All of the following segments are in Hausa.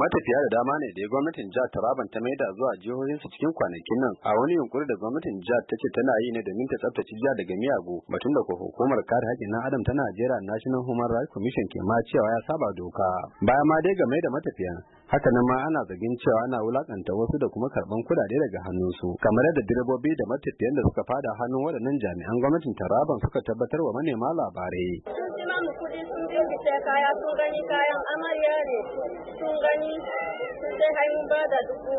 matafiya da dama ne da gwamnatin jihar Taraban ta maida zuwa jihohinsu cikin kwanakin nan a wani yunkuri da gwamnatin jihar ta ce tana yi ne domin ta tsaftace jihar daga miyagu batun da hukumar kare haƙƙin ɗan adam ta Najeriya National Human Rights Commission ke ma cewa ya saba doka baya ma dai game da matafiya haka nan ma ana zagin cewa ana wulakanta wasu da kuma karban kudade daga hannunsu kamar yadda direbobi da matafiyan da suka fada hannun waɗannan jami'an gwamnatin Taraban suka tabbatar wa manema labarai sun ji mamu kuɗi sun kaya sun gani kayan amarya ne gani sun dai har ba da dubu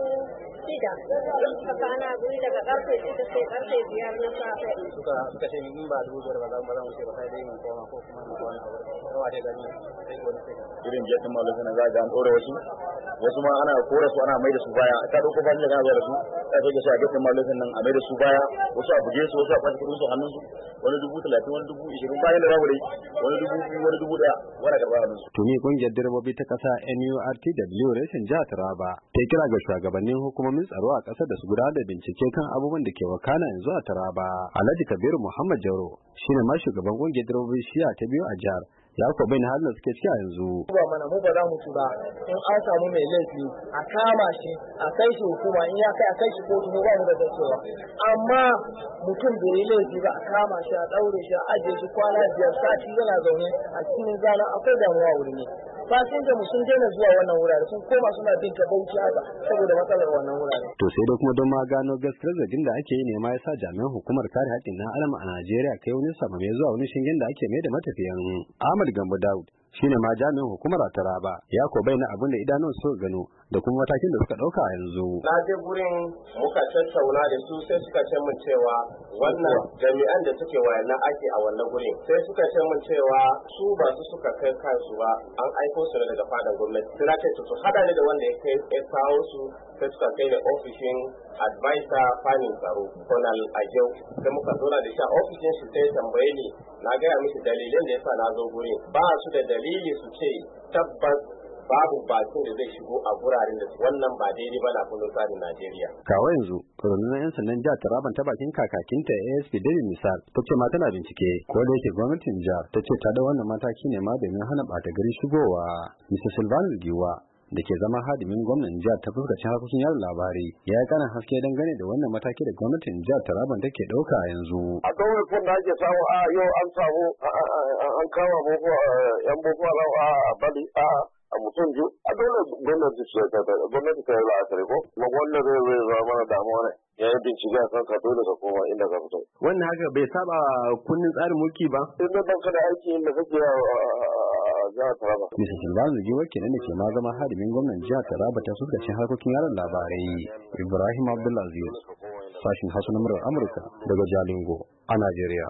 shida don suka kana guri daga karfe shida sai karfe biyar na safe. Suka suka ce min ba dubu biyar ba za mu wuce ba sai dai mun koma ko kuma mun koma rawa dai gani sai wani sai. Irin jiya tun malu sana za ga an ɗora wasu wasu ma ana kora su ana mai da su baya ta ɗauko fasinja kana zuwa da su ta ce su a dukkan malu nan a mai da su baya wasu a buge su wasu a kwace kudin su hannun su wani dubu talatin wani dubu ishirin bayan da rabu dai wani dubu biyu wani dubu ɗaya muna Tuni ƙungiyar direbobi ta ƙasa NURTW rashin jiha Taraba ta kira ga shugabannin hukumomin tsaro a ƙasar da su gudanar da bincike kan abubuwan da ke wakana yanzu a Taraba. Alhaji Kabiru Muhammad Jauro shine ma shugaban ƙungiyar direbobi shiya ta biyu a jihar ya ku bayin halin suke ciki a yanzu ba mana mu ba za mu ba in an samu mai laifi a kama shi a kai shi hukuma in ya kai a kai shi kotu ne ba mu da dacewa amma mutum bai yi laifi ba a kama shi a ɗaure shi a ajiye shi kwana biyar sati yana zaune a cikin zana akwai damuwa wuri ne fasinja mu sun daina zuwa wannan wurare sun koma suna bin ta bauchi haka saboda matsalar wannan wurare to sai dai kuma don ma gano gaskiyar zargin da ake yi ne ma ya sa jami'an hukumar kare haƙƙin na adam a Najeriya kai wani sama zuwa wani shingen da ake mai da matafiyan Ahmad Gambo Dawud shine ma jami'in hukumar taraba ya ko na abin da idanun su gano da kuma matakin da suka dauka yanzu na je gurin muka tattauna da su sai suka ce mun cewa wannan jami'an da suke na ake a wannan gurin sai suka ce mun cewa su ba su suka kai kansu ba an aiko su daga fadar gwamnati sai na ce to hada ne da wanda ya kai ya kawo su sai suka kai da ofishin advisor fanin tsaro Colonel Ajau sai muka zo da shi a ofishin shi sai tambaye ni na gaya mishi dalilin da yasa na zo gurin ba su da dalili su ce tabbas babu bakin da zai shigo a guraren da wannan ba daidai ba na kundin tsarin Najeriya. Kawo yanzu, rundunar 'yan sandan jihar Taraban ta bakin kakakinta ASP David Misal ta ce ma tana bincike ko da yake gwamnatin jihar ta ce ta da wannan mataki ne ma domin hana ɓata gari shigowa. Mr. Silvano Giwa da ke zama hadimin gwamnan jihar ta fuskacin harkokin yaro labarai ya yi kanan haske dangane da wannan mataki da gwamnatin jihar Taraban take ɗauka yanzu. A kawai kun da ake samu a yau an samu an kama boko yan boko a bali a a mutum ju a dole gwamnati ta yi la'akari ko kuma gwamnati zai zai zama mana damuwa ne. ya yi bincike a kanka dole ka koma inda ka fito. Wannan haka bai saba kunnin tsarin mulki ba? inda ban kada aiki inda kake jihar Taraba. Mr. Silvano kenan da ke ma zama hadimin gwamnan jihar Taraba ta fuskacin harkokin yaran labarai Ibrahim Abdulaziz. Sashin Hausa na Amurka daga Jalingo a Najeriya.